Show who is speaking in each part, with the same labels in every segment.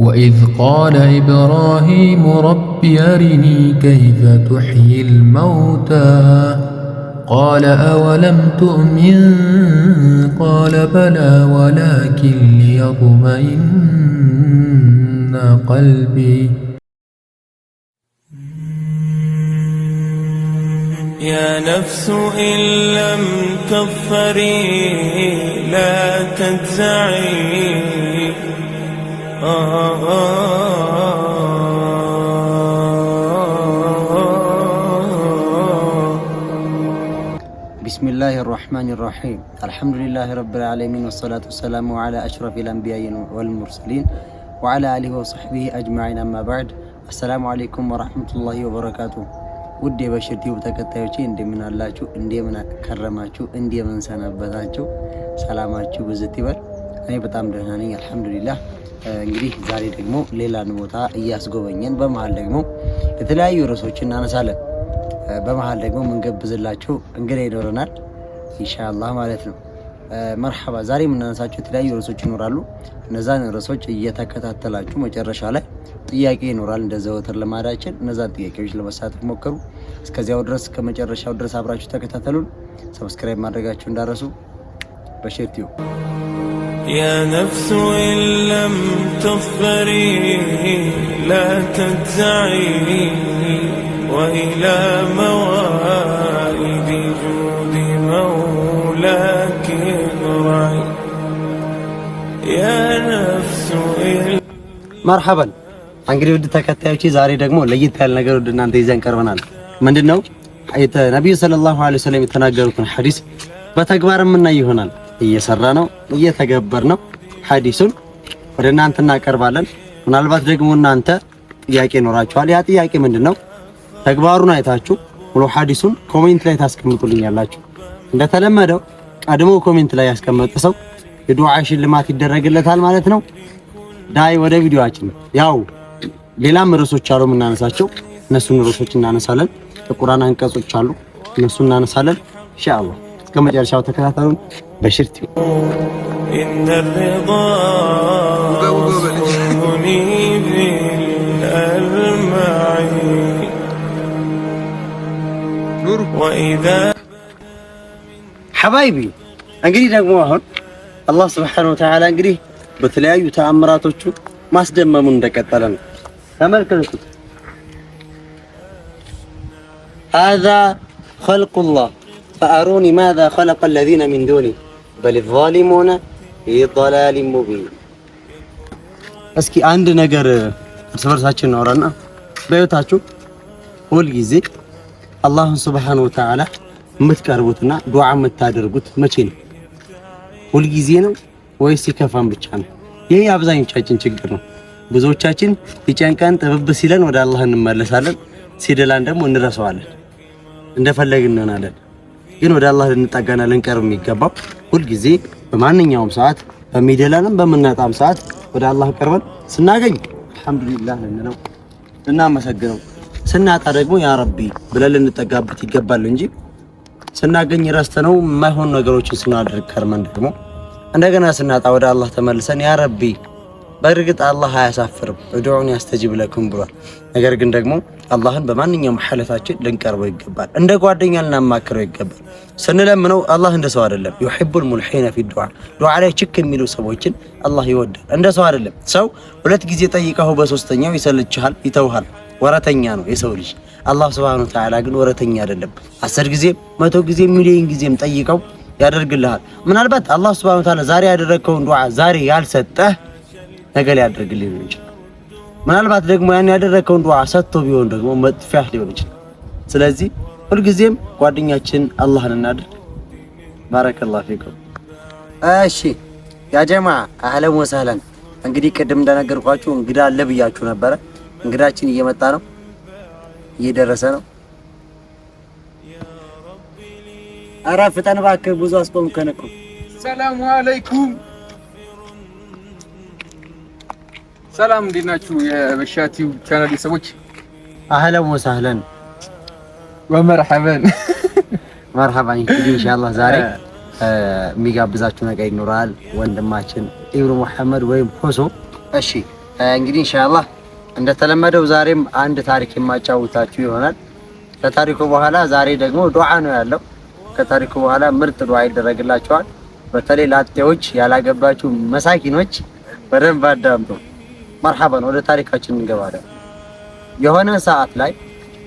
Speaker 1: وإذ قال إبراهيم رب أرني كيف تحيي الموتى قال أولم تؤمن قال بلى ولكن ليطمئن قلبي يا نفس إن لم تظفري لا تجزعي بسم
Speaker 2: الله الرحمن الرحيم الحمد لله رب العالمين والصلاة والسلام على أشرف الأنبياء والمرسلين وعلى آله وصحبه أجمعين أما بعد السلام عليكم ورحمة الله وبركاته ودي ውድ የበሽር ቲዩብ من እንደምን شو እንደምን من እንደምን ሰነበታችሁ? ሰላማችሁ ብዝት ይበል። እኔ በጣም ደህና الحمد لله እንግዲህ ዛሬ ደግሞ ሌላን ቦታ እያስጎበኘን በመሀል ደግሞ የተለያዩ ርዕሶችን እናነሳለን። በመሀል ደግሞ የምንገብዝላቸው እንግዳ ይኖረናል ኢንሻላህ ማለት ነው። መርሐባ። ዛሬ የምናነሳቸው የተለያዩ ርዕሶች ይኖራሉ። እነዛን ርዕሶች እየተከታተላችሁ መጨረሻ ላይ ጥያቄ ይኖራል እንደ ዘወትር ልማዳችን። እነዛን ጥያቄዎች ለመሳተፍ ሞከሩ። እስከዚያው ድረስ ከመጨረሻው ድረስ አብራችሁ ተከታተሉን። ሰብስክራይብ ማድረጋችሁ እንዳረሱ በሸርቲው يا نفس إن لم تظفري لا تجزعي وإلى موائد جود مولاك ارعي يا نفس إن مرحبا እንግዲህ ውድ ተከታዮቼ ዛሬ ደግሞ ለየት ያለ ነገር ወደ እናንተ ይዘን ቀርበናል። ምንድን ነው ነቢዩ ሰለላሁ ዐለይሂ ወሰለም የተናገሩትን ሐዲስ በተግባር የምናይ ይሆናል። እየሰራ ነው፣ እየተገበር ነው። ሐዲሱን ወደ እናንተ እናቀርባለን። ምናልባት ደግሞ እናንተ ጥያቄ ይኖራችኋል። ያ ጥያቄ ምንድን ነው? ተግባሩን አይታችሁ ሙሉ ሐዲሱን ኮሜንት ላይ ታስቀምጡልኝ እንደተለመደው ቀድሞ ኮሜንት ላይ ያስቀመጠ ሰው የዱዓ ሽልማት ይደረግለታል ማለት ነው። ዳይ ወደ ቪዲዮአችን ያው ሌላም ርዕሶች አሉ የምናነሳቸው እነሱን ርዕሶች እናነሳለን። የቁርአን አንቀጾች አሉ እነሱ እናነሳለን ኢንሻአላህ። እስከ መጨረሻው ተከታተሉን። በሽርቲ ሐባይቢ እንግዲህ ደግሞ አሁን አላህ ስብሐነሁ ወተዓላ እንግዲህ በተለያዩ ተአምራቶቹ ማስደመሙን እንደቀጠለ ነው። ተመልከቱት። هذا خلق الله ፈአሩኒ ማዛ ኸለቀ ለዚነ ሚን ዱኒ በል ዛሊሙነ ፊ ضላሊን ሙቢን። እስኪ አንድ ነገር እርስ በርሳችን እናወራና በህይወታችሁ ሁልጊዜ አላህን ስብሓነሁ ወተዓላ የምትቀርቡትና ዱዓ የምታደርጉት መቼ ነው? ሁልጊዜ ነው ወይስ ሲከፋን ብቻ ነው? ይህ የአብዛኞቻችን ችግር ነው። ብዙዎቻችን ይጨንቀን ጥብብ ሲለን ወደ አላህ እንመለሳለን፣ ሲደላን ደግሞ እንረሳዋለን፣ እንደፈለግን እንሆናለን። ግን ወደ አላህ ልንጠጋና ልንቀርብ የሚገባው ሁልጊዜ በማንኛውም ሰዓት በሚደላንም በምናጣም ሰዓት ወደ አላህ ቀርበን ስናገኝ አልሐምዱሊላህ ልንለው ልናመሰግነው፣ ስናጣ ደግሞ ያ ረቢ ብለን ልንጠጋበት ይገባል እንጂ ስናገኝ ረስተነው የማይሆኑ ነገሮችን ስናደርግ ከርመን ደግሞ እንደገና ስናጣ ወደ አላህ ተመልሰን ያ ረቢ በእርግጥ አላህ አያሳፍርም፣ እድዑን ያስተጅብ ለኩም ብሏል። ነገር ግን ደግሞ አላህን በማንኛውም ሐለታችን ልንቀርበው ይገባል፣ እንደ ጓደኛ ልናማክረው ይገባል። ስንለምነው አላህ እንደ ሰው አይደለም። ዩሂቡል ሙልሒነ ፊ ዱዓ፣ ዱዓ ላይ ችክ የሚሉ ሰዎችን አላህ ይወዳል። እንደ ሰው አይደለም። ሰው ሁለት ጊዜ ጠይቀኸው በሶስተኛው ይሰልችሃል፣ ይተውሃል። ወረተኛ ነው የሰው ልጅ። አላህ ስብሐነሁ ወተዓላ ግን ወረተኛ አይደለም። አስር ጊዜ መቶ ጊዜ ሚሊዮን ጊዜም ጠይቀው ያደርግልሃል። ምናልባት አላህ ስብሐነሁ ወተዓላ ዛሬ ያደረግከውን ዱዓ ዛሬ ያልሰጠህ ነገ ሊያደርግልህ ሊሆን ይችላል። ምናልባት ደግሞ ያን ያደረግከውን ዱዓ ሰጥቶ ቢሆን ደግሞ መጥፊያ ሊሆን ይችላል። ስለዚህ ሁልጊዜም ጓደኛችን አላህን እናድርግ። ባረከላሁ ፊኩም። እሺ ያጀማ አህለን ወሰህለን። እንግዲህ ቅድም እንደነገርኳችሁ እንግዳ አለ ብያችሁ ነበረ። እንግዳችን እየመጣ ነው፣ እየደረሰ ነው። አረ ፍጠን እባክህ፣ ብዙ አስቆምከን እኮ።
Speaker 3: ሰላሙ አለይኩም ሰላም እንዴት ናችሁ? የበሻ ቲዩብ ቻናል ሰዎች
Speaker 2: አህለን ወሰህለን
Speaker 3: ወመርሐበን
Speaker 2: መርሐባ። እንግዲህ ኢንሻአላህ ዛሬ የሚጋብዛችሁ ነገር ይኖራል ወንድማችን ኢብሩ መሐመድ ወይም ሆሶ። እሺ እንግዲህ ኢንሻአላህ እንደተለመደው ዛሬም አንድ ታሪክ የማጫውታችሁ ይሆናል። ከታሪኩ በኋላ ዛሬ ደግሞ ዱዓ ነው ያለው። ከታሪኩ በኋላ ምርጥ ዱዓ ይደረግላችኋል። በተለይ ላጤዎች፣ ያላገባችሁ መሳኪኖች በደንብ አዳምጡ። መርሐባን ወደ ታሪካችን እንገባለን። የሆነ ሰዓት ላይ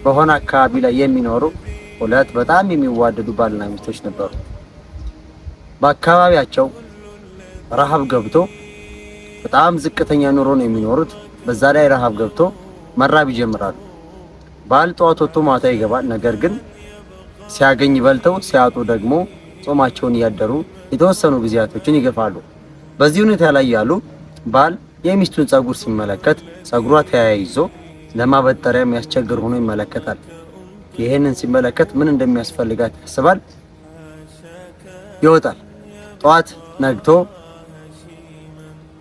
Speaker 2: በሆነ አካባቢ ላይ የሚኖሩ ሁለት በጣም የሚዋደዱ ባልና ሚስቶች ነበሩ። በአካባቢያቸው ረሃብ ገብቶ በጣም ዝቅተኛ ኑሮ ነው የሚኖሩት። በዛ ላይ ረሃብ ገብቶ መራብ ይጀምራሉ። ባል ጠዋት ወጥቶ ማታ ይገባል። ነገር ግን ሲያገኝ በልተው ሲያጡ ደግሞ ጾማቸውን እያደሩ የተወሰኑ ጊዜያቶችን ይገፋሉ። በዚህ ሁኔታ ላይ ያሉ ባል የሚስቱን ጸጉር ሲመለከት ጸጉሯ ተያይዞ ለማበጠሪያ የሚያስቸግር ሆኖ ይመለከታል። ይህንን ሲመለከት ምን እንደሚያስፈልጋት ያስባል፣ ይወጣል። ጠዋት ነግቶ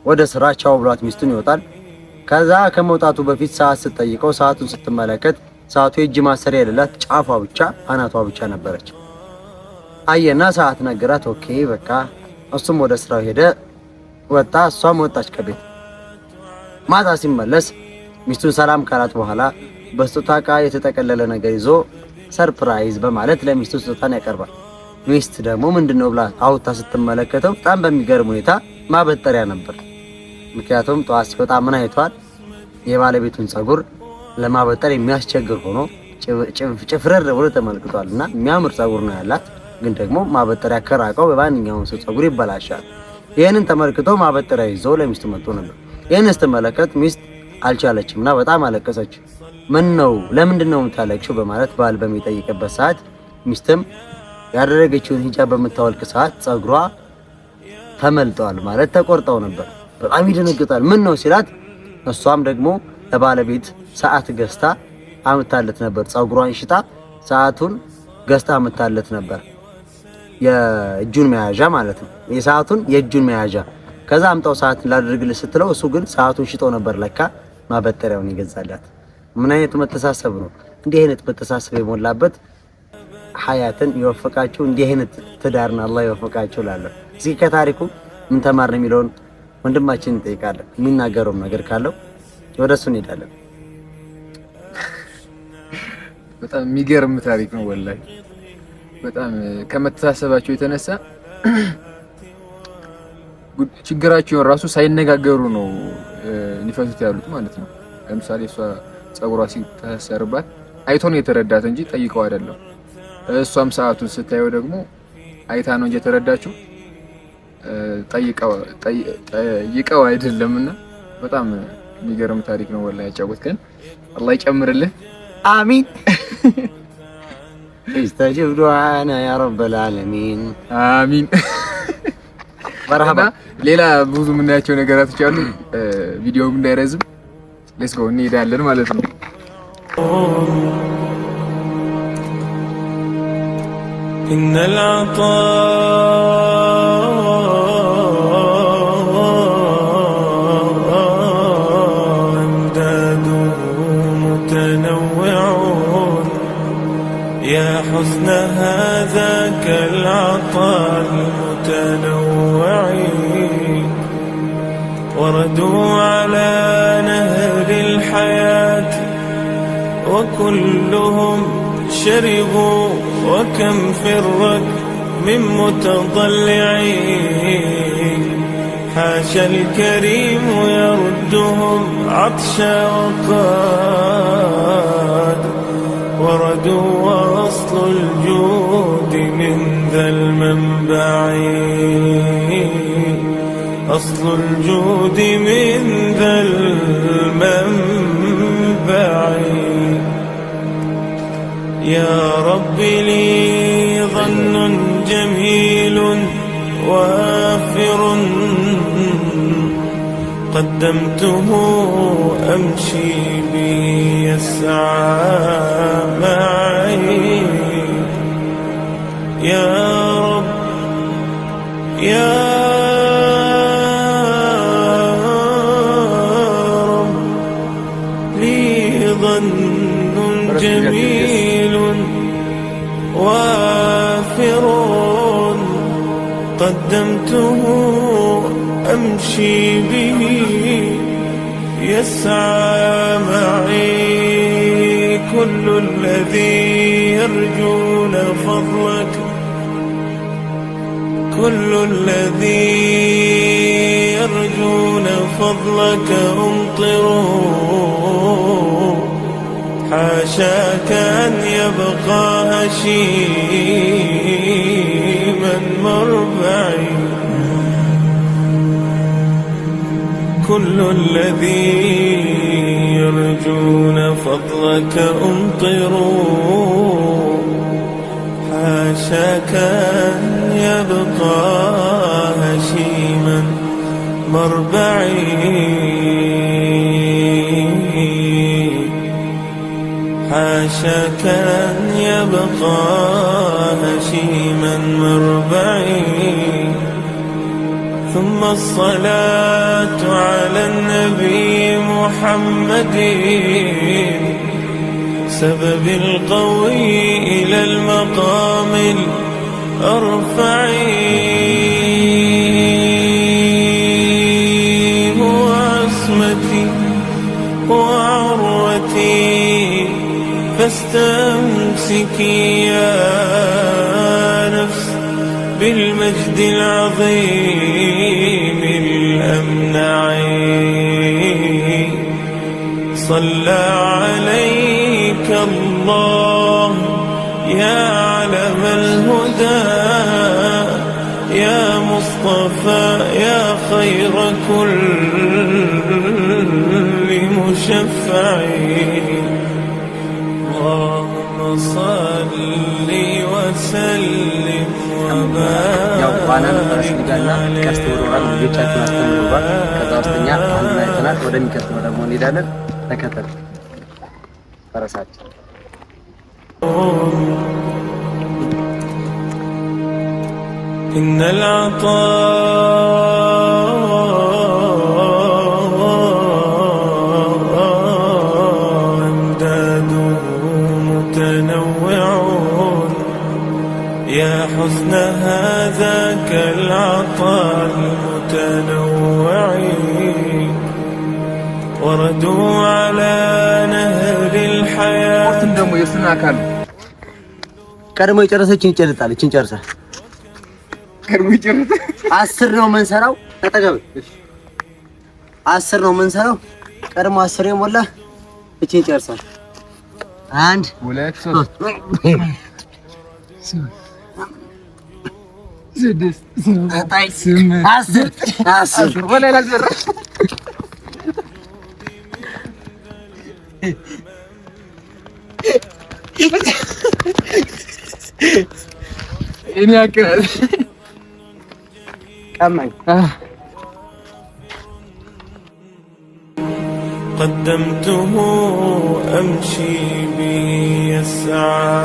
Speaker 2: ወደ ስራ ቻው ብሏት ሚስቱን ይወጣል። ከዛ ከመውጣቱ በፊት ሰዓት ስትጠይቀው ሰዓቱን ስትመለከት ሰዓቱ የእጅ ማሰሪያ የሌላት ጫፏ ብቻ አናቷ ብቻ ነበረች። አየና ሰዓት ነገራት። ኦኬ በቃ እሱም ወደ ስራው ሄደ፣ ወጣ፣ እሷም ወጣች ከቤት ማታ ሲመለስ ሚስቱን ሰላም ካላት በኋላ በስጦታ እቃ የተጠቀለለ ነገር ይዞ ሰርፕራይዝ በማለት ለሚስቱ ስጦታን ያቀርባል። ሚስት ደግሞ ምንድነው ብላ አውታ ስትመለከተው በጣም በሚገርም ሁኔታ ማበጠሪያ ነበር። ምክንያቱም ጠዋት ሲወጣ ምን አይቷል? የባለቤቱን ጸጉር ለማበጠር የሚያስቸግር ሆኖ ጭፍረር ብሎ ተመልክቷል። እና የሚያምር ጸጉር ነው ያላት፣ ግን ደግሞ ማበጠሪያ ከራቀው በማንኛውም ሰው ጸጉር ይበላሻል። ይህንን ተመልክቶ ማበጠሪያ ይዞ ለሚስቱ መጥቶ ነበር። ይህን ስትመለከት ሚስት አልቻለችም እና በጣም አለቀሰች። ምን ነው ለምንድን ነው የምታለቅሽው? በማለት ባል በሚጠይቅበት ሰዓት ሚስትም ያደረገችውን ሂጃብ በምታወልቅ ሰዓት ጸጉሯ ተመልጠዋል ማለት ተቆርጠው ነበር። በጣም ይደነግጣል። ምን ነው ሲላት እሷም ደግሞ ለባለቤት ሰዓት ገዝታ አምታለት ነበር። ጸጉሯን ሽጣ ሰዓቱን ገዝታ አምታለት ነበር። የእጁን መያዣ ማለት ነው። የሰዓቱን የእጁን መያዣ ከዛ አምጣው ሰዓት ላድርግልህ ስትለው እሱ ግን ሰዓቱን ሽጦ ነበር። ለካ ማበጠሪያውን ይገዛላት። ምን አይነት መተሳሰብ ነው! እንዲህ አይነት መተሳሰብ የሞላበት ሀያትን ይወፈቃችሁ። እንዲህ አይነት ትዳርን አላህ ይወፈቃችሁ እላለሁ። እዚህ ከታሪኩ ምን ተማርን የሚለውን ወንድማችን እንጠይቃለን። የሚናገረውም ነገር ካለው ወደ እሱ እንሄዳለን።
Speaker 3: በጣም የሚገርም ታሪክ ነው ወላሂ። በጣም ከመተሳሰባቸው የተነሳ ችግራቸውን ራሱ ሳይነጋገሩ ነው ሊፈቱት ያሉት ማለት ነው። ለምሳሌ እሷ ጸጉሯ ሲተሰርባት አይቶ ነው የተረዳት እንጂ ጠይቀው አይደለም። እሷም ሰዓቱን ስታየው ደግሞ አይታ ነው እንጂ የተረዳችው ጠይቀው አይደለም። እና በጣም የሚገርም ታሪክ ነው ወላሂ ያጫወት። ግን አላህ ይጨምርልህ።
Speaker 2: አሚን ስተጅብ ዱዓና ያ ረበል
Speaker 3: አሚን። መርሀባ። ሌላ ብዙ የምናያቸው ነገራቶች አሉ። ቪዲዮም እንዳይረዝም ሌስ ጎ እንሄዳለን ማለት ነው። إن العطاء
Speaker 1: أمداد متنوع يا حسن هذاك العطاء وردوا على نهر الحياة وكلهم شربوا وكم في فرت من متضلعين حاشا الكريم يردهم عطشا وقاد وردوا واصل الجود من ذا المنبعين أصل الجود من ذا المنبع يا رب لي ظن جميل وافر قدمته أمشي به يسعى معي يا رب يا قدمته أمشي به يسعى معي كل الذي يرجون فضلك كل الذي يرجون فضلك أمطروا حاشاك أن يبقى هشيما مربى كل الذي يرجون فضلك امطروا حاشاك ان يبقى هشيما مربعي حاشاك ان يبقى هشيما مربعي ثم الصلاة على النبي محمد سبب القوي إلى المقام الأرفع وعصمتي وعروتي فاستمسكي يا بالمجد العظيم الأمنع صلى عليك الله يا علم الهدى يا مصطفى يا خير كل مشفع اللهم صلِّ
Speaker 2: ያው ባናን በስጋና ቀስት ይኖራል። ልጆቻችን አስተምሩባት። ከዛ ውስጥኛ አንድ ላይ ተናት ወደሚቀጥለው ደግሞ እንሄዳለን። ተከተል ፈረሳችን
Speaker 1: إن العطاء حسن هذا كالعطاء المتنوع وردوا على نهر الحياة
Speaker 3: ሞትን
Speaker 2: ቀድሞ የጨረሰች ይጨርጣለች እንጨርሳ ቀድሞ አስር ነው የምንሰራው ተጠገብ አስር ነው የምንሰራው ቀድሞ አስር የሞላ እቺ ይጨርሳል አንድ
Speaker 3: ሁለት ሶስት سدس
Speaker 2: سبعة عشر ولا
Speaker 3: قدمته أمشي به يسعى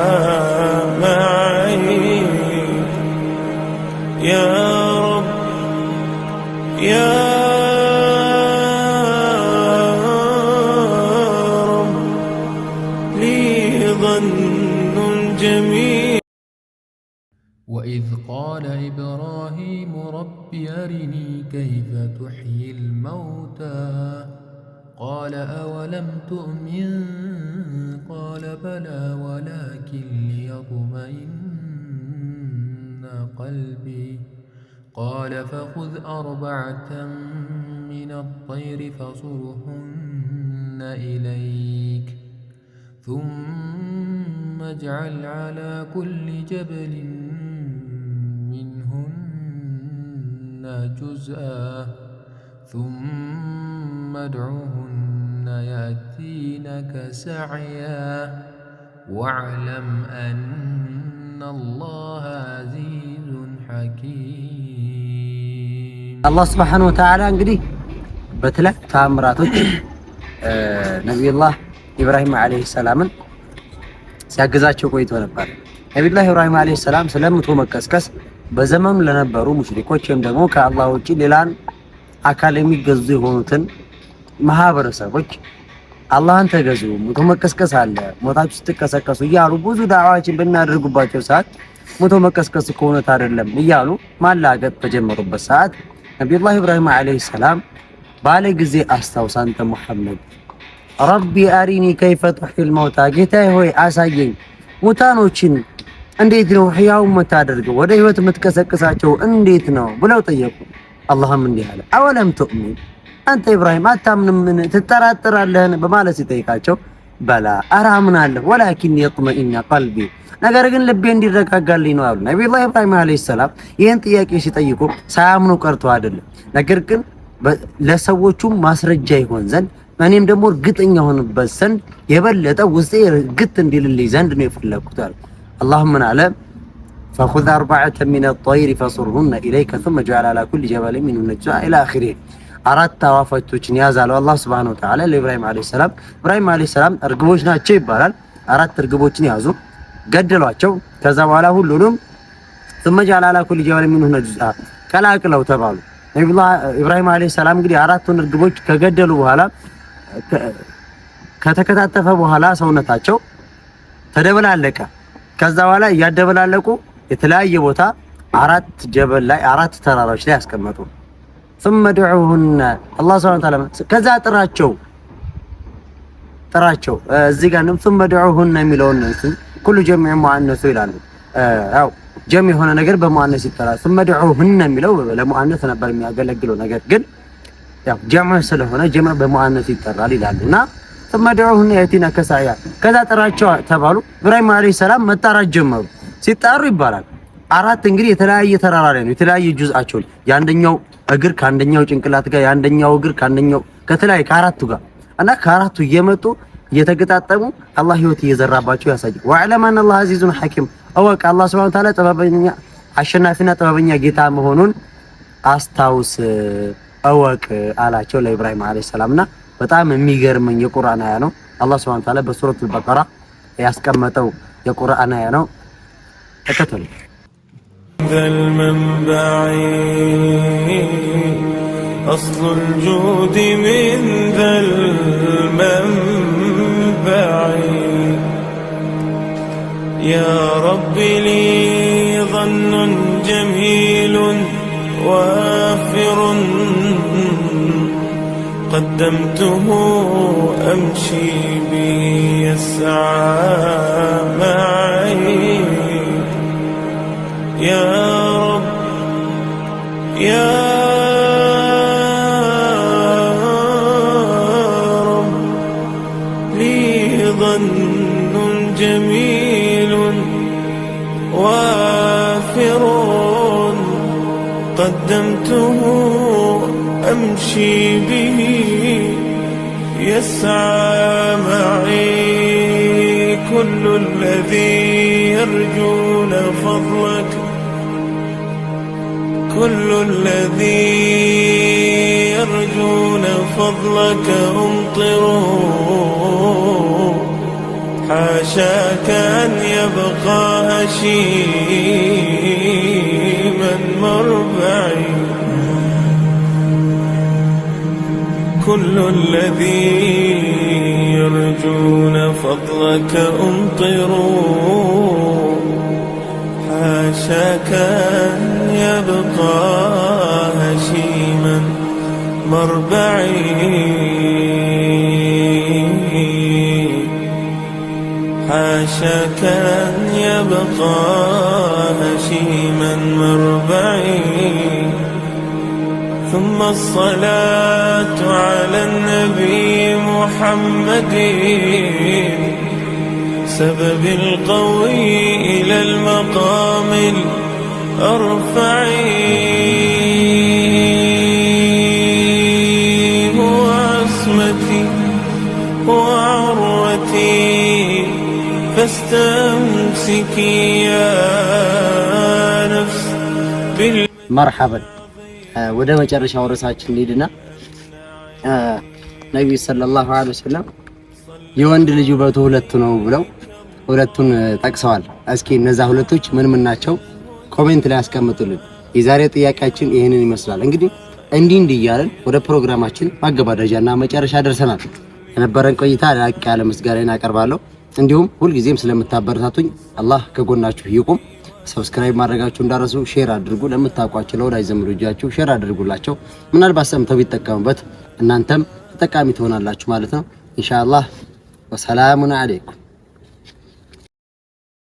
Speaker 3: معي
Speaker 1: يا رب يا رب لي ظن جميل وإذ قال إبراهيم رب أرني كيف تحيي الموتى قال أولم تؤمن قال بلى ولكن ليطمئن قلبي قال فخذ أربعة من الطير فصرهن إليك ثم اجعل على كل جبل منهن جزءا ثم ادعهن يأتينك سعيا واعلم أن
Speaker 2: አላህ ስብሓነ ወተዓላ እንግዲህ በትላቅ ተአምራቶች ነቢዩላህ ኢብራሂም ዓለይሂ ሰላምን ሲያግዛቸው ቆይቶ ነበር። ነቢዩላህ ኢብራሂም ዓለይሂ ሰላም ስለምቶ መቀስቀስ በዘመኑ ለነበሩ ሙሽሪኮች ወይም ደግሞ ከአላህ ውጪ ሌላን አካል የሚገዙ የሆኑትን ማህበረሰቦች አላህን ተገዙ፣ ሞቶ መቀስቀስ አለ፣ ሞታችሁ ስትቀሰቀሱ እያሉ ብዙ ዳዕዋዎችን በሚያደርጉባቸው ሰዓት ሞቶ መቀስቀስ እኮ እውነት አይደለም እያሉ ማላገጥ በጀመሩበት ሰዓት ነቢዩላህ ኢብራሂም ዓለይሂ ሰላም ባለ ጊዜ አስታውስ፣ አንተ ሙሐመድ ረቢ አሪኒ ከይፈ ቱሕይል መውታ፣ ጌታዬ ሆይ አሳየኝ ሙታኖችን እንዴት ነው ሕያው የምታደርገው ወደ ህይወት የምትቀሰቅሳቸው እንዴት ነው ብለው ጠየቁ። አላህም እንዲህ አለ አወለም ቱእሚን አንተ ኢብራሂም አታምንም? ምን ትጠራጥራለህን? በማለት ሲጠይቃቸው በላ አረ አምናለሁ ወላኪን የጥመኢነ ቀልቢ ነገር ግን ልቤ እንዲረጋጋልኝ ነው አሉ። ነቢዩላህ ኢብራሂም ዓለይሂ ሰላም ይህን ጥያቄ ሲጠይቁ ሳያምኑ ቀርቶ አይደለም፣ ነገር ግን ለሰዎቹም ማስረጃ ይሆን ዘንድ እኔም ደግሞ እርግጠኛ ሆንበት ዘንድ የበለጠ ውስጤ እርግጥ እንዲልልኝ ዘንድ ነው የፈለግኩት አሉ። አላህ ምን አለ? ፈኹዝ አርበዐተ ሚነ ጠይሪ ፈሱርሁነ ኢለይከ ሱመ ጅዐል ዐላ ኩሊ ጀበሊን ሚንሁነ ጁዝዐን ኢላ አኺሪህ አራት አዋፋቶችን ያዝ አለው አላህ ሱብሓነሁ ወተዓላ ለኢብራሂም አለይሂ ሰላም። ኢብራሂም አለይሂ ሰላም እርግቦች ናቸው ይባላል። አራት እርግቦችን ያዙ፣ ገደሏቸው። ከዛ በኋላ ሁሉንም ثم جعل على كل جبل منهم جزءا ቀላቅለው ተባሉ። ኢብራሂም አለይሂ ሰላም እንግዲህ አራቱን እርግቦች ከገደሉ በኋላ ከተከታተፈ በኋላ ሰውነታቸው ተደበላለቀ። ከዛ በኋላ እያደበላለቁ የተለያየ ቦታ አራት ጀበል ላይ አራት ተራራዎች ላይ ያስቀመጡ ثم ادعوهن الله سبحانه وتعالى ከዛ ጥራቸው ጥራቸው እዚህ ጋር ነው ثم ادعوهن የሚለውን ኩሉ ጀሚዕ ሙአነሱ ይላሉ። ያው ጀሚዕ የሆነ ነገር በሙአነስ ይጠራል። ثم ادعوهن የሚለው ለሙአነስ ነበር የሚያገለግለው ነገር ግን ያው ጀምዕ ስለሆነ ጀምዕ በሙአነስ ይጠራል ይላሉ እና ثم ادعوهن ياتينا كسايا ከዛ ጥራቸው ተባሉ። ኢብራሂም አለይሂ ሰላም መጣራት ጀመሩ። ሲጣሩ ይባላል አራት እንግዲህ የተለያየ ተራራ ላይ ነው የተለያየ ጁዝአቸው ያንደኛው እግር ከአንደኛው ጭንቅላት ጋር የአንደኛው እግር ከአንደኛው ከተለያየ ከአራቱ ጋር እና ከአራቱ እየመጡ እየተገጣጠሙ አላህ ህይወት እየዘራባቸው ያሳይ ወዕለም አን አላህ አዚዙን ሐኪም እወቅ አላህ ስብሐነ ወተዓላ ጥበበኛ አሸናፊና ጥበበኛ ጌታ መሆኑን አስታውስ እወቅ አላቸው ለኢብራሂም ዓለይሂ ሰላምና በጣም የሚገርመኝ የቁርአን አያ ነው። አላህ ስብሐነ ወተዓላ በሱረቱል በቀራ ያስቀመጠው የቁርአን አያ ነው። ተከተሉ። ذا المنبع
Speaker 1: أصل الجود من ذا المنبع يا رب لي ظن جميل وافر قدمته أمشي به يسعى معي قدمته أمشي به يسعى معي كل الذي يرجون فضلك كل الذي يرجون فضلك امطروا حاشاك أن يبقى هشيما مر معي كل الذي يرجون فضلك امطروا حاشاك ان يبقى هشيما مربعي حاشاك ان يبقى ثم الصلاة على النبي محمد سبب القوي إلى المقام الأرفع هو وعروتي فاستمسكي يا نفس
Speaker 2: مرحبا ወደ መጨረሻው ርዕሳችን እንሂድና ነቢዩ ሰለላሁ ዐለይሂ ወሰለም የወንድ ልጅ ውበቱ ሁለቱ ነው ብለው ሁለቱን ጠቅሰዋል። እስኪ እነዛ ሁለቶች ምን ምን ናቸው? ኮሜንት ላይ አስቀምጡልን? የዛሬ ጥያቄያችን ይህንን ይመስላል። እንግዲህ እንዲህ እንዲህ እያለን ወደ ፕሮግራማችን ማገባደጃና መጨረሻ ደርሰናል። የነበረን ቆይታ ላቅ ያለ ምስጋናን አቀርባለሁ። እንዲሁም ሁልጊዜም ስለምታበረታቱኝ አላህ ከጎናችሁ ይቁም። ሰብስክራይብ ማድረጋችሁ እንዳረሱ፣ ሼር አድርጉ። ለምታውቋቸው ለወዳጅ ዘመዶ እጃችሁ ሼር አድርጉላቸው። ምናልባት ሰምተው ቢጠቀሙበት እናንተም ተጠቃሚ ትሆናላችሁ ማለት ነው። ኢንሻአላህ ወሰላሙን አለይኩም